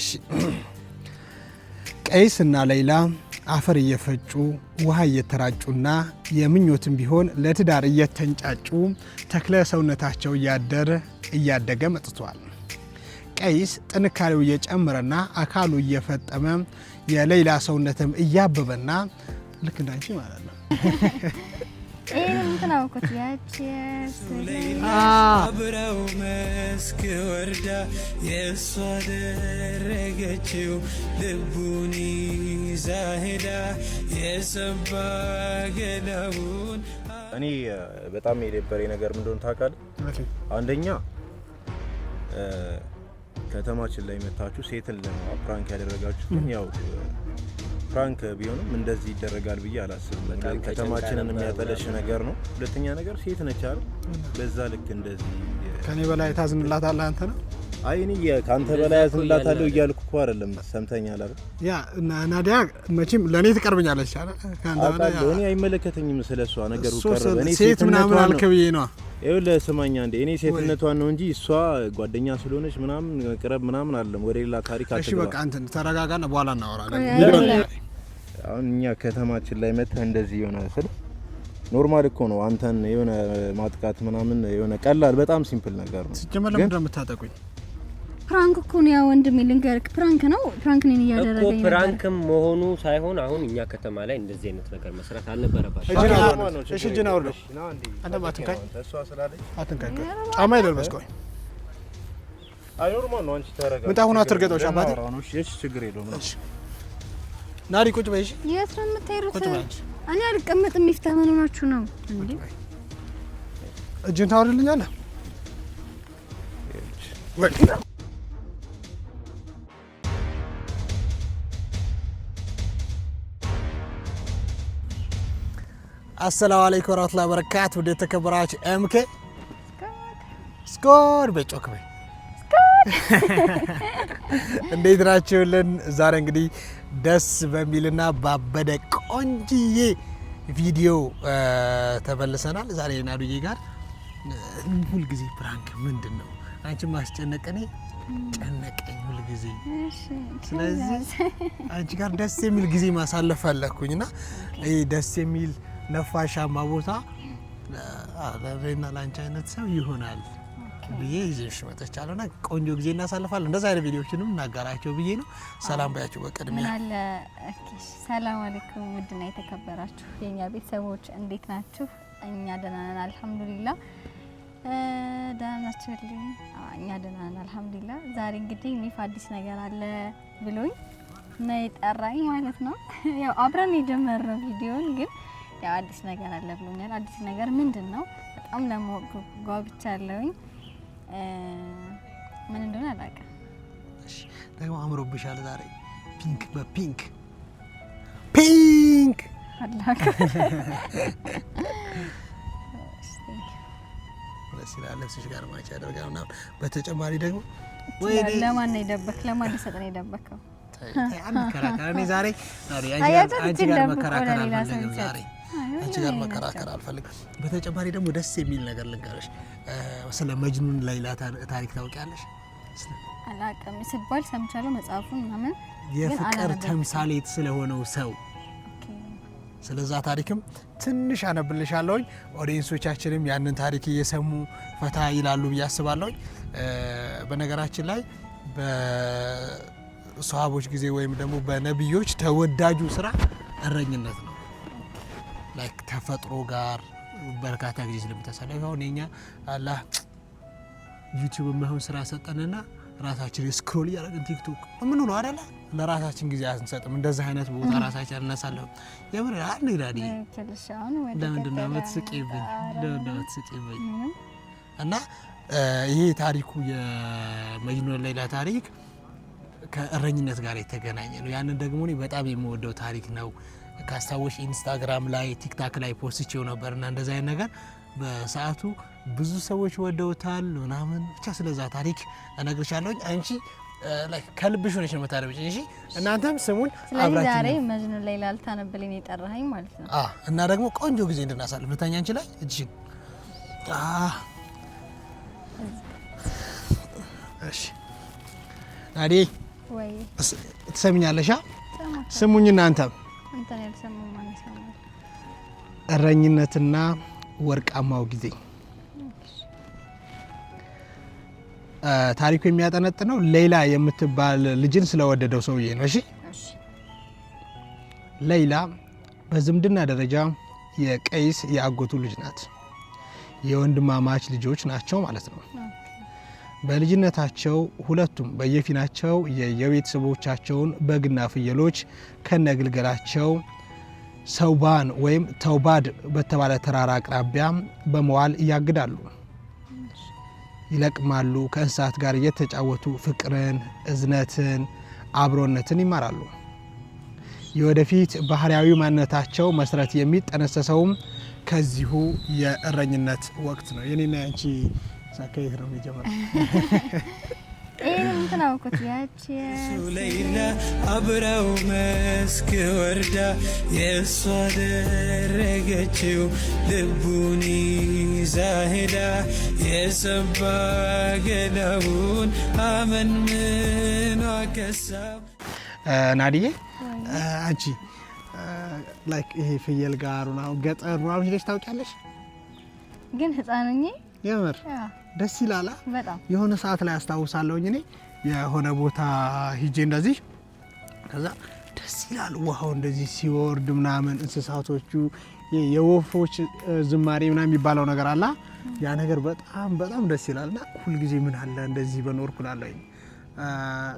እሺ ቀይስና ሌላ አፈር እየፈጩ ውሃ እየተራጩና የምኞትም ቢሆን ለትዳር እየተንጫጩ ተክለ ሰውነታቸው እያደር እያደገ መጥቷል። ቀይስ ጥንካሬው እየጨመረና አካሉ እየፈጠመ የሌላ ሰውነትም እያበበና ልክ እንዳንቺ ማለት ነው እንትን አውኩት መስክ ወርዳ የእሷ አደረገችው ልቡን ዛሄዳ የሰባ ገላቡን። እኔ በጣም የደበሬ ነገር ምን እንደሆነ ታውቃለህ? አንደኛ ከተማችን ላይ መታችሁ ሴትን ለማ ፕራንክ ያደረጋችሁ ያው ፕራንክ ቢሆንም እንደዚህ ይደረጋል ብዬ አላስብም። ከተማችንን የሚያጠለሽ ነገር ነው። ሁለተኛ ነገር ሴት ነች አይደል? በዛ ልክ እንደዚህ ከኔ በላይ ታዝንላታለህ አንተ ነው። አይ እኔ ከአንተ በላይ ያዝንላታለሁ እያልኩ እኮ አይደለም። ሰምተኛል አይደል? ያ ናዲያ መቼም ለእኔ ትቀርብኛለች አይደል? ከአንተ በላይ እኔ አይመለከተኝም። ስለሷ ነገሩ ቀርብ ሴት ምናምን አልክ ብዬ ነዋ ይኸውልህ ስማኝ አንዴ፣ እኔ ሴትነቷን ነው እንጂ እሷ ጓደኛ ስለሆነች ምናምን ቅረብ ምናምን አለም። ወደ ሌላ ታሪክ አትገባ። እሺ በቃ እንትን ተረጋጋና በኋላ እናወራለን። አሁን እኛ ከተማችን ላይ መጥተህ እንደዚህ የሆነ ስል ኖርማል እኮ ነው። አንተን የሆነ ማጥቃት ምናምን የሆነ ቀላል በጣም ሲምፕል ነገር ነው። ሲጀመር ለምንድን ነው የምታጠቁኝ? ፕራንክ እኮ ነው ያ ወንድም ልንገርክ ፕራንክ ነው ፕራንክ ነኝ እያደረገኝ እኮ ፕራንክም መሆኑ ሳይሆን አሁን እኛ ከተማ ላይ እንደዚህ አይነት ነገር መስራት አልነበረባትም። እሺ፣ አንተ ጫማ አይኖርማ ነው። አንቺ አትርገጠው። ጫማ እሺ፣ እሺ፣ እሺ፣ ናሪ ቁጭ እሺ፣ ነው ነው እንዴ? እጅን ታወርልኛለህ ወይ? አሰላሙ አለይኩም ወራህመቱላሂ ወበረካቱ። ወደ ተከበራችሁ ኤምኬ ስኮር በጮክ በይ እንዴት ናችሁልን? ዛሬ እንግዲህ ደስ በሚልና ባበደ ቆንጅዬ ቪዲዮ ተመልሰናል። ዛሬ ናዱዬ ጋር ሁልጊዜ ፕራንክ ምንድን ነው አንቺ ማስጨነቅ እኔ ጨነቀኝ ሁልጊዜ። ስለዚህ አንቺ ጋር ደስ የሚል ጊዜ ማሳለፍ አለኩኝና ደስ የሚል ነፋሻማ ቦታ ለእኔና ለአንቺ አይነት ሰው ይሆናል ብዬ ይዘሽ መጥቻለሁ እና ቆንጆ ጊዜ እናሳልፋለን። እንደዛ አይነት ቪዲዮችንም እናጋራቸው ብዬ ነው። ሰላም ባያቸው በቅድሚያ ምናለ ሰላም አለይኩም ውድና የተከበራችሁ የእኛ ቤተሰቦች እንዴት ናችሁ? እኛ ደህና ነን አልሐምዱሊላ። ደህና ናችሁልኝ? እኛ ደህና ነን አልሐምዱሊላ። ዛሬ እንግዲህ ሚፍ አዲስ ነገር አለ ብሎኝ ነው የጠራኝ ማለት ነው። ያው አብረን የጀመርነው ቪዲዮን ግን ያው አዲስ ነገር አለ ብሎኛል። አዲስ ነገር ምንድን ነው? በጣም ለማወቅ ጓጉቻለሁኝ። ምን እንደሆነ አላውቅም። ደግሞ አምሮብሻል ዛሬ ፒንክ በፒንክ ፒንክ ለብስሽ ጋር ማች ያደርጋል ምናምን። በተጨማሪ ደግሞ ለማን ነው የደበክ? ለማን ልሰጥ ነው የደበከው? መከራከር እኔ ዛሬ አንቺ ጋር መከራከር አልፈለግም ዛሬ አንቺ ጋር መከራከር አልፈልግም። በተጨማሪ ደግሞ ደስ የሚል ነገር ልንገርሽ። ስለ መጅኑን ላይላ ታሪክ ታውቂያለሽ? አላውቅም ሲባል ሰምቻለሁ መጽሐፉን ምናምን። የፍቅር ተምሳሌት ስለሆነው ሰው ስለዛ ታሪክም ትንሽ አነብልሻለሁኝ። ኦዲየንሶቻችንም ያንን ታሪክ እየሰሙ ፈታ ይላሉ ብዬ አስባለሁኝ። በነገራችን ላይ በሰሃቦች ጊዜ ወይም ደግሞ በነቢዮች ተወዳጁ ስራ እረኝነት ነው። ላይክ ተፈጥሮ ጋር በርካታ ጊዜ ስለምታሳለፍ አሁን የኛ አላ ዩቲዩብ የማይሆን ስራ ሰጠንና ራሳችን ስክሮል እያደረግን ቲክቶክ ምን ነው አደለ? ለራሳችን ጊዜ አንሰጥም። እንደዚህ አይነት ቦታ ራሳችን አናሳለፍም። የምር አንድ ግራዲ ለምንድን ነው የምትስቂብኝ? ለምንድን ነው የምትስቂብኝ? እና ይሄ ታሪኩ የመጅኑን ሌላ ታሪክ ከእረኝነት ጋር የተገናኘ ነው። ያንን ደግሞ እኔ በጣም የምወደው ታሪክ ነው። ካስታወሽ ኢንስታግራም ላይ ቲክታክ ላይ ፖስትቼው ነበር እና እንደዚ አይነት ነገር በሰዓቱ ብዙ ሰዎች ወደውታል ምናምን። ብቻ ስለዛ ታሪክ እነግርሻለሁኝ። አንቺ ከልብሽ ሆነች ነው የምታደርጊው። እሺ እናንተም ስሙን ስለዚህ ዛሬ መጅኑን ላይ ላልታነብልኝ የጠራኸኝ ማለት ነው። እና ደግሞ ቆንጆ ጊዜ እንድናሳልፍ ልተኛ አንቺ ላይ እጅሽን ናዴ ትሰሚኛለሻ? ስሙኝ እናንተም እረኝነትና ወርቃማው ጊዜ ታሪኩ የሚያጠነጥነው ሌላ የምትባል ልጅን ስለወደደው ሰውዬ ነው። እሺ በዝምድና ደረጃ የቀይስ የአጎቱ ልጅ ናት። የወንድማማች ልጆች ናቸው ማለት ነው። በልጅነታቸው ሁለቱም በየፊናቸው የቤተሰቦቻቸውን በግና ፍየሎች ከነግልገላቸው ሰውባን ወይም ተውባድ በተባለ ተራራ አቅራቢያ በመዋል ያግዳሉ፣ ይለቅማሉ። ከእንስሳት ጋር እየተጫወቱ ፍቅርን፣ እዝነትን፣ አብሮነትን ይማራሉ። የወደፊት ባህርያዊ ማንነታቸው መሰረት የሚጠነሰሰውም ከዚሁ የእረኝነት ወቅት ነው። የኔና ያንቺ ከየት ነው የሚጀምረው? እንትን ሱለይና አብረው መስክ ወርዳ የእሷ አደረገችው ልቡን ዛሄዳ የሰባ ገላውን አመን ምኗ ከሳ ናድዬ አንቺ ላይክ ይሄ ፍየል ጋር ገጠር ምናምን ሄደሽ ታውቂያለሽ? ግን ህፃን የምር ደስ ይላላ። የሆነ ሰዓት ላይ አስታውሳለሁኝ እኔ የሆነ ቦታ ሂጄ እንደዚህ ከዛ ደስ ይላል ውሃው እንደዚህ ሲወርድ ምናምን እንስሳቶቹ የወፎች ዝማሬ ምናምን የሚባለው ነገር አላ ያ ነገር በጣም በጣም ደስ ይላል። እና ሁልጊዜ ምን አለ እንደዚህ በኖርኩ ላለኝ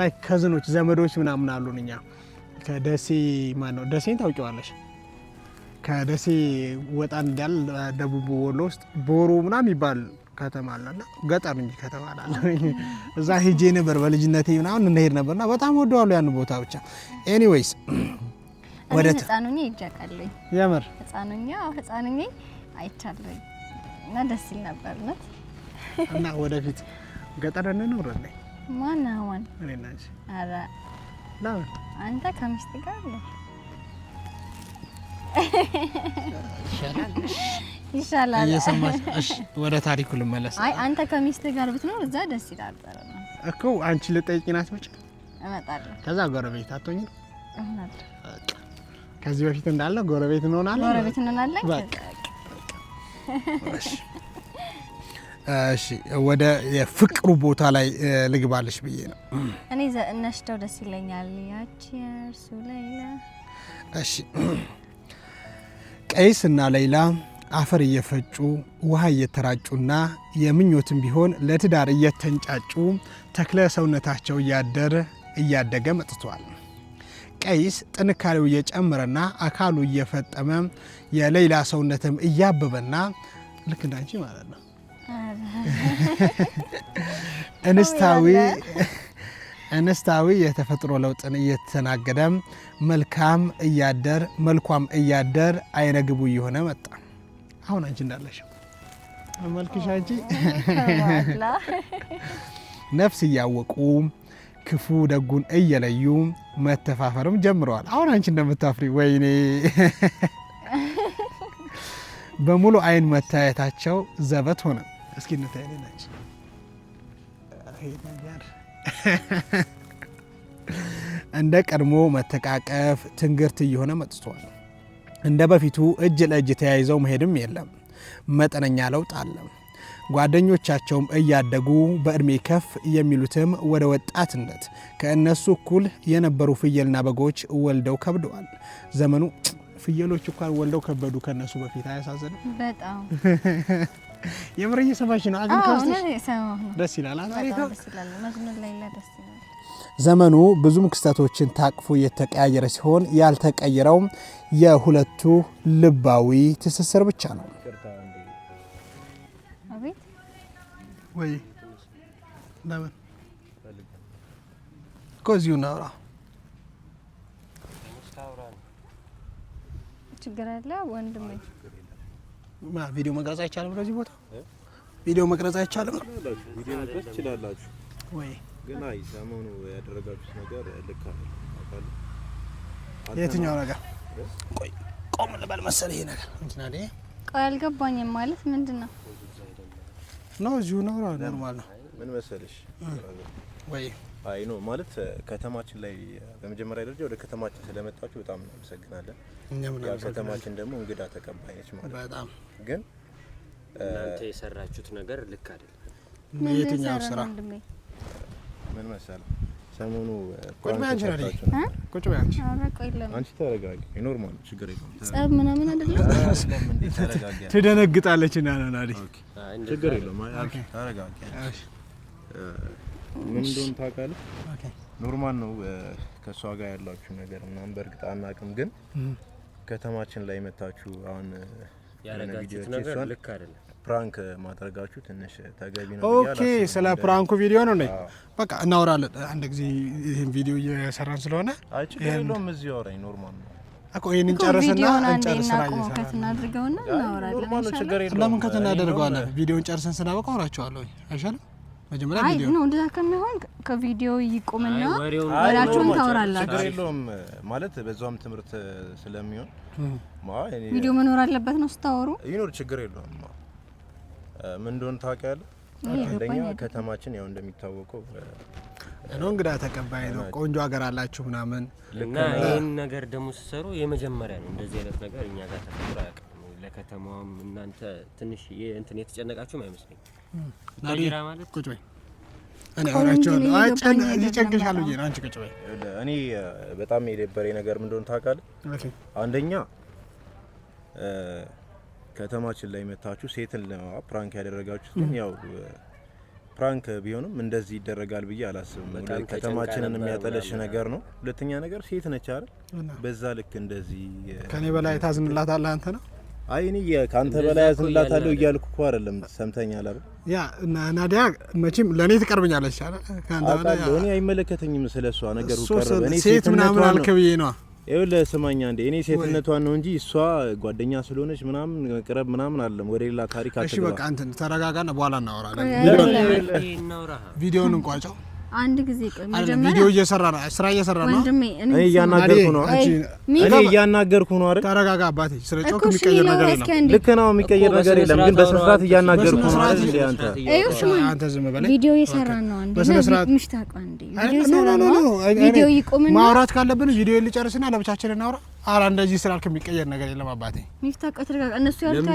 ላይ ከዝኖች ዘመዶች ምናምን አሉን እኛ ከደሴ ማን ነው ደሴን ታውቂዋለሽ? ከደሴ ወጣ እንዳል ደቡብ ወሎ ውስጥ ቦሮ ምናምን ይባል ከተማ አለና ገጠር እንጂ ከተማ አላለ። እዛ ሄጄ ነበር በልጅነቴ ምናምን እንሄድ ነበርና በጣም ወደዋሉ ያን ቦታ ብቻ። ኤኒዌይስ ወደ ህጻኑኝ ይጃቃለኝ የምር ህጻኑኛ ህጻኑኝ አይቻለኝ እና ደስ ይል ነበር ነት እና ወደፊት ገጠር እንኖራለን። ማን አሁን እኔ ናች። አረ ለምን አንተ ከሚስት ጋር አለ ይሻላል ይሻላል። እየሰማሽ እሺ፣ ወደ ታሪኩ ልመለስ። አይ አንተ ከሚስት ጋር ብትኖር እዛ ደስ ይላል እኮ። አንቺ ልጠይቂኝ ናት። እመጣለሁ። ከዛ ጎረቤት አትሆኝ አትሆኝም? ከዚህ በፊት እንዳለ ጎረቤት እንሆናለን። ጎረቤት እንሆናለን። በቃ እሺ፣ ወደ የፍቅሩ ቦታ ላይ ልግባለሽ ብዬ ነው። እኔ እነሽተው ደስ ይለኛል። ያቺ እርሱ ሌላ። እሺ፣ ቀይስ እና ሌላ አፈር እየፈጩ ውሃ እየተራጩና የምኞትም ቢሆን ለትዳር እየተንጫጩ ተክለ ሰውነታቸው እያደር እያደገ መጥቷል። ቀይስ ጥንካሬው እየጨመረና አካሉ እየፈጠመ የሌላ ሰውነትም እያበበና ልክ እንዳንቺ ማለት ነው እንስታዊ እንስታዊ የተፈጥሮ ለውጥን እየተናገደ መልካም እያደር መልኳም እያደር አይነ ግቡ እየሆነ መጣ። አሁን አንቺ እንዳለሽ መልክሽ አንቺ ነፍስ እያወቁ ክፉ ደጉን እየለዩ መተፋፈርም ጀምረዋል። አሁን አንቺ እንደምታፍሪ ወይኔ በሙሉ አይን መታየታቸው ዘበት ሆነ። እስኪ እንታይ እንደ ቀድሞ መተቃቀፍ ትንግርት እየሆነ መጥቷል። እንደ በፊቱ እጅ ለእጅ ተያይዘው መሄድም የለም። መጠነኛ ለውጥ አለ። ጓደኞቻቸውም እያደጉ በእድሜ ከፍ የሚሉትም ወደ ወጣትነት ከእነሱ እኩል የነበሩ ፍየልና በጎች ወልደው ከብደዋል። ዘመኑ ፍየሎች እንኳን ወልደው ከበዱ ከእነሱ በፊት። አያሳዝንም? በጣም የምር እየሰማሽ ነው። ደስ ይላል። ዘመኑ ብዙም ክስተቶችን ታቅፎ እየተቀያየረ ሲሆን ያልተቀየረው የሁለቱ ልባዊ ትስስር ብቻ ነው። ቪዲዮ መቅረጽ አይቻልም። በዚህ ቦታ ቪዲዮ መቅረጽ አይቻልም ወይ? ግን አይ ሰሞኑ ያደረጋችሁት ነገር ልክ አይደለም። የትኛው ነገር? ቆይ ቆም ልበል መሰለህ። ይሄ ነገር እንትና ደ ቆይ አልገባኝም። ማለት ምንድን ነው ነው? እዚሁ ነው። ኖርማል ነው። ምን መሰለሽ ወይ አይ ነው ማለት ከተማችን ላይ በመጀመሪያ ደረጃ ወደ ከተማችን ስለመጣችሁ በጣም እናመሰግናለን። ከተማችን ደግሞ እንግዳ ተቀባይ ነች ማለት በጣም ግን እናንተ የሰራችሁት ነገር ልክ አይደለም። የትኛው ስራ ምን መሰለህ ሰሞኑ ቁጭ በይ አንቺ ተረጋጊ። ኖርማል ችግር የለውም። ጸብ ምናምን አይደለም። ትደነግጣለች እና ነው ናዲ ችግር የለውም። ተረጋጊ። ምን እንደሆነ ታውቃለህ። ኖርማል ነው ከእሷ ጋር ያላችሁ ነገር ምናምን በእርግጥ አናውቅም፣ ግን ከተማችን ላይ መታችሁ አሁን ያረጋችሁት ነገር ልክ አይደለም። ፕራንክ ማድረጋችሁ ትንሽ ተገቢ ነው። ኦኬ፣ ስለ ፕራንኩ ቪዲዮ ነው ነኝ። በቃ እናወራለን አንድ ጊዜ። ይህን ቪዲዮ እየሰራን ስለሆነ እኮ እንጨርስና ለምን ቪዲዮን ጨርሰን ስናበቃ አውራቸዋለሁ። አይሻልም? መጀመሪያ ቪዲዮ ነው። እንደዛ ከሚሆን ከቪዲዮ ይቆምና ወሬያችሁን ታወራላችሁ። ችግር የለውም ማለት በዛውም ትምህርት ስለሚሆን ቪዲዮ መኖር አለበት ነው። ስታወሩ ይኖር ችግር የለውም። ምን እንደሆነ ታውቂያለህ። አንደኛ ከተማችን ያው እንደሚታወቀው ነው እንግዳ ተቀባይ ነው። ቆንጆ ሀገር አላችሁ ምናምን እና ይህን ነገር ደግሞ ሲሰሩ የመጀመሪያ ነው እንደዚህ አይነት ነገር እኛ ጋር ተፈጥሮ አያውቅም። ለከተማዋም እናንተ ትንሽ እንትን የተጨነቃችሁም አይመስለኝ። ማለት ቁጭ በይ እኔ በጣም የደበረኝ ነገር ምን እንደሆነ ታውቃለህ? አንደኛ ከተማችን ላይ መታችሁ ሴትን ፕራንክ ያደረጋችሁት ግን ያው ፕራንክ ቢሆንም እንደዚህ ይደረጋል ብዬ አላስብም። ከተማችንን የሚያጠለሽ ነገር ነው። ሁለተኛ ነገር ሴት ነች አይደል? በዛ ልክ እንደዚህ ከኔ በላይ ታዝንላታለህ አንተ ነው አይ እኔ ከአንተ በላይ ያዝንላታለሁ እያልኩ እኮ አይደለም። ሰምተኛል አይደል? ያ ናዲያ መቼም ለእኔ ትቀርብኛለች አውቃለሁ። እኔ አይመለከተኝም ስለ እሷ ነገር ሴት ምናምን አልክ ብዬ ነዋ። ይኸውልህ ስማኛ እንዴ እኔ ሴትነቷን ነው እንጂ እሷ ጓደኛ ስለሆነች ምናምን መቅረብ ምናምን አለም ወደ ሌላ ታሪክ። አትገባ። እሺ በቃ አንተ ተረጋጋና በኋላ እናወራለን። ቪዲዮውን እንቋጫው። አንድ ጊዜ ቆይ፣ ቪዲዮ እየሰራ ነው፣ ስራ እየሰራ ነው። ወንድሜ እኔ እያናገርኩ ነው፣ እኔ እያናገርኩ ነው አይደል? ተረጋጋ አባቴ። ስለ ጮክ የሚቀየር ነገር የለም። ልክ ነው፣ የሚቀየር ነገር የለም። ግን በስነ ስርዓት እያናገርኩ ነው አይደል? አንተ እዩሽ፣ አንተ ዝም በለኝ። ቪዲዮ እየሰራ ነው። አንዴ ምሽታቅ፣ አንዴ ቪዲዮ ይቆምና ማውራት ካለብን ቪዲዮ ልጨርስና ለብቻችን እናውራ። አረ እንደዚህ ስላልክ የሚቀየር ነገር የለም አባቴ። ምሽታቅ፣ ተረጋጋ። እነሱ ያሉት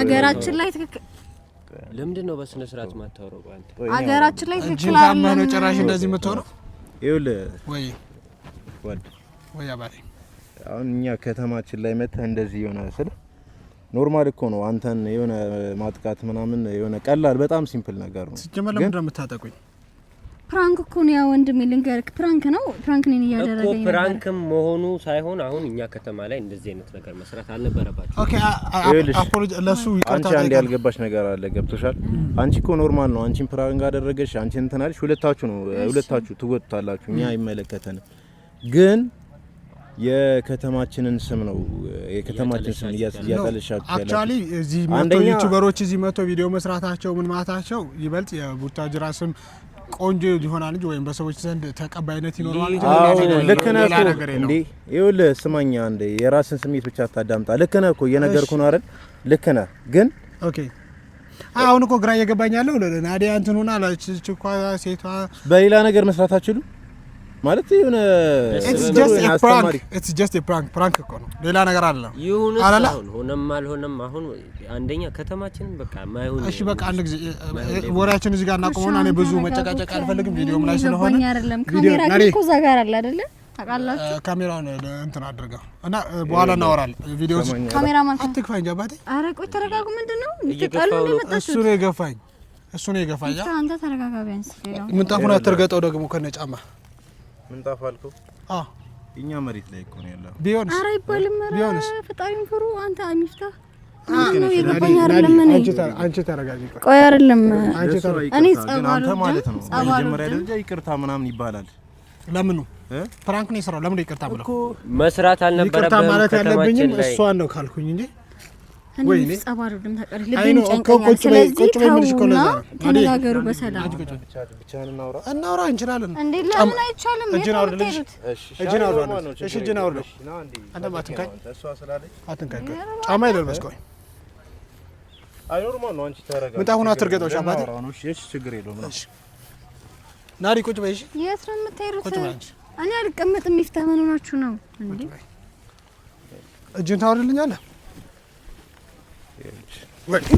አገራችን ላይ ትክክል ለምንድን ነው በስነ ስርዓት ማታወራው? ላይ ጭራሽ እንደዚህ ይኸውልህ ወይ ወይ አሁን እኛ ከተማችን ላይ መተህ እንደዚህ የሆነ ስለ ኖርማል እኮ ነው። አንተን የሆነ ማጥቃት ምናምን የሆነ ቀላል በጣም ሲምፕል ነገር ነው። ሲጀመር ለምንድን ነው የምታጠቁኝ? ፕራንክ እኮ ነው ያ ወንድም ልንገርክ ፕራንክ ነው ፕራንክ ነው ነኝ ነው እኮ ፕራንክም መሆኑ ሳይሆን አሁን እኛ ከተማ ላይ እንደዚህ አይነት ነገር መስራት አልነበረባቸው። ኦኬ አፖሎጂ ለሱ ይቀርታ። አንቺ አንድ ያልገባሽ ነገር አለ፣ ገብቶሻል። አንቺ እኮ ኖርማል ነው። አንቺን ፕራንክ አደረገሽ፣ አንቺ እንትን አለሽ። ሁለታችሁ ነው ሁለታችሁ ትወጡታላችሁ። እኛ አይመለከተንም ግን የከተማችንን ስም ነው የከተማችን ስም እያጠለሻችሁ። አክቹዋሊ እዚህ መቶ ዩቲዩበሮች እዚህ መቶ ቪዲዮ መስራታቸው ምን ማታቸው ይበልጥ የቡታጅራ ስም ቆንጆ ይሆናል እንጂ ወይም በሰዎች ዘንድ ተቀባይነት ይኖረዋል እንጂ ልክ ነህ እኮ እንዴ! ይኸውልህ ስማኝ፣ አንዴ የራስን ስሜት ብቻ አታዳምጣ። ልክ ነህ እኮ እየነገርኩ ነው አይደል? ልክ ነህ ግን ኦኬ አሁን እኮ ግራ እየገባኝ ያለው ናዲያ እንትን ሆና ላች ችኳ ሴቷ በሌላ ነገር መስራት አችሉ ማለት የሆነ ኢትስ ጀስት ፕራንክ ፕራንክ እኮ ነው፣ ሌላ ነገር አለ። ይሁን ሆነም አልሆነም አሁን አንደኛ ከተማችንም በቃ ማይሆን እሺ፣ በቃ አንድ ጊዜ ወሬያችን እዚህ ጋር እናቆመና እኔ ብዙ መጨቃጨቅ አልፈልግም። ቪዲዮም ላይ ስለሆነ ካሜራ እኮ እዛ ጋር አለ አይደለ? ታውቃላችሁ፣ ካሜራውን እንትን አድርጋ እና በኋላ እናወራለን። ቪዲዮ ካሜራማን አትግፋኝ ጃባቴ አባቴ። ቆይ ተረጋጉ። ምንድን ነው ጠሉ? እሱ ነው የገፋኝ፣ እሱ ነው የገፋኝ። አንተ ተረጋጋ ቢያንስ። ምንጣፉን አትርገጠው ደግሞ ከነ ጫማ ምንጣፍ አልከው? እኛ መሬት ላይ እኮ ነው ያለው። ቢሆንስ? ኧረ አይባልም። ቢሆንስ? ፈጣሪን ፍሩ። አንተ አሚፍታ አንቺ ይቅርታ ምናምን ይባላል። ለምኑ ፕራንክ ነው የሰራው? ለምን ይቅርታ ብለው መስራት አልነበረብህም። ይቅርታ ማለት ያለብኝም እሷን ነው ካልኩኝ እንጂ ተነጋገሩ በሰላም እናውራ። እንችላለን እንዴ? ለምን አይቻልም? እጅን አውርድልሽ፣ እጅን አውርድልሽ፣ እሺ፣ እጅን አውርድልሽ። አንተም አትንካኝ፣ አትንካኝ። ጫማ ይለልበስ። ቆይ ምጣሁን አትርገጠው። ጫማ ችግር የለውም። ናሪ ቁጭ በይ። የት ነው የምትሄዱት? እኔ አልቀመጥም። ይፍታ ምን ሆናችሁ ነው እንዴ? እጅን ታወርድልኛለህ? page. Look.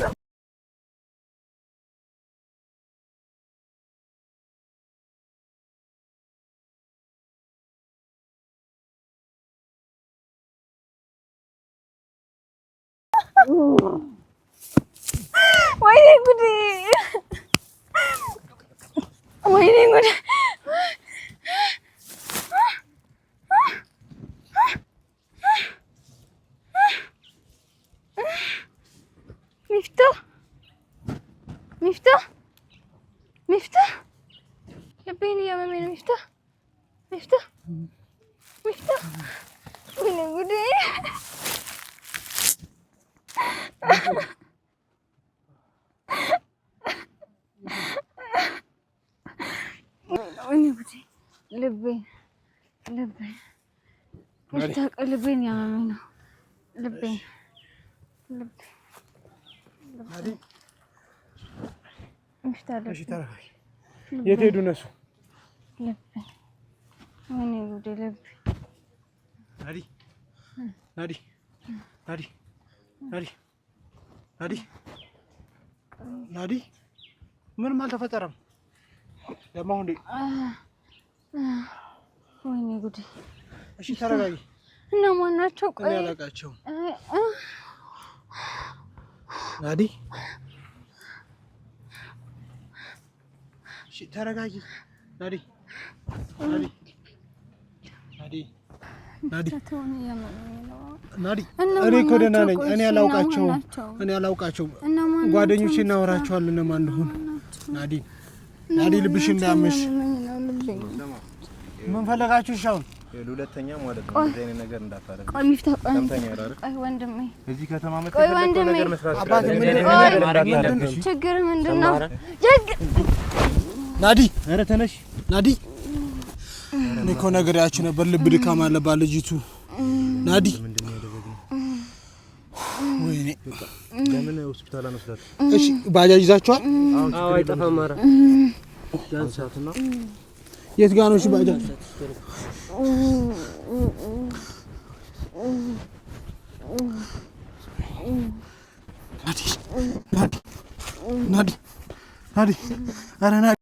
Ooh. ሚፍታህ ሚፍታህ ሚፍታህ ወይኔ ጉዴ! ወይኔ ልቤን ያመመኝ ነው። ልቤን ሚፍታህ የት ሄዱ እነሱ? ናዲ ምንም አልተፈጠረም። ለማሁን ወይኔ ጉዴ! እሺ ተረጋጊ። እና ማን ናቸው? ቆይ አላውቃቸውም። ናዲ እሺ ተረጋጊ ናዲ ናዲ እኔ እኮ ደህና ነኝ። እኔ አላውቃቸውም፣ እኔ አላውቃቸውም። ጓደኞቼ እናወራቸዋለን እነማን እንደሆኑ። ናዲ ናዲ፣ ልብሽ እንዳያመሽ። ምን ፈለጋችሁ? ሻውን ሁለተኛ ማለት ነው ነገር እንዳታደርግ። ቆይ ወንድሜ፣ እዚህ ከተማ ችግር ምንድን ነው? ናዲ፣ ኧረ ተነሽ ናዲ እኔ እኮ ነግሬያችሁ ነበር፣ ልብ ድካም አለባት ልጅቱ ናዲ። ወይኔ ለምን ሆስፒታል አንወስዳት? እሺ ባጃጅ ይዛችኋል? አዎ አይጠፋም። ኧረ የት ነው? እሺ ባጃጅ ናዲ ናዲ ናዲ ናዲ